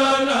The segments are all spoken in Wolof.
la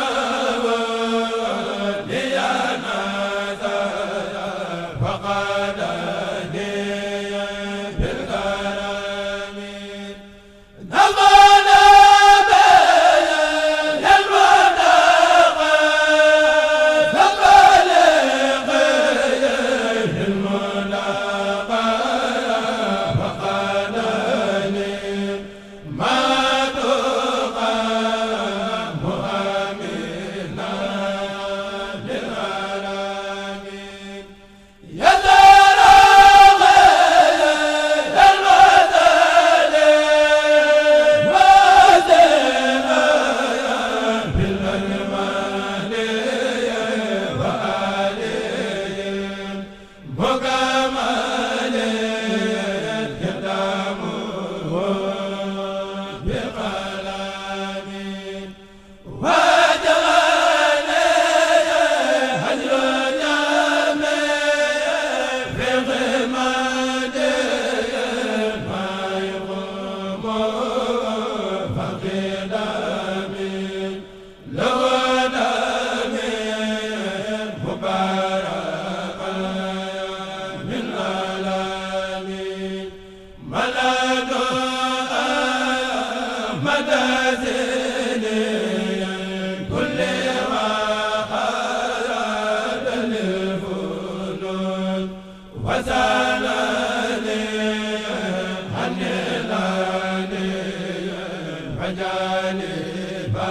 jaliba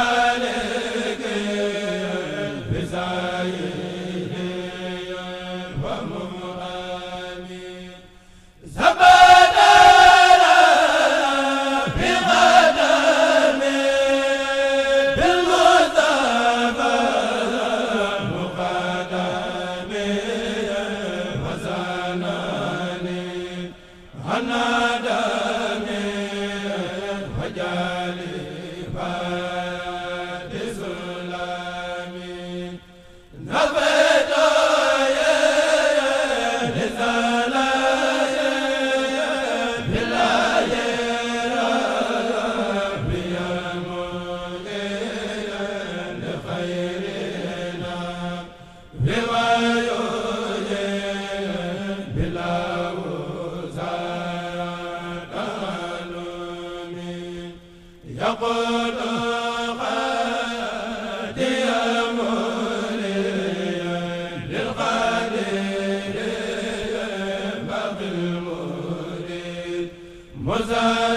ala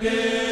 Rabbi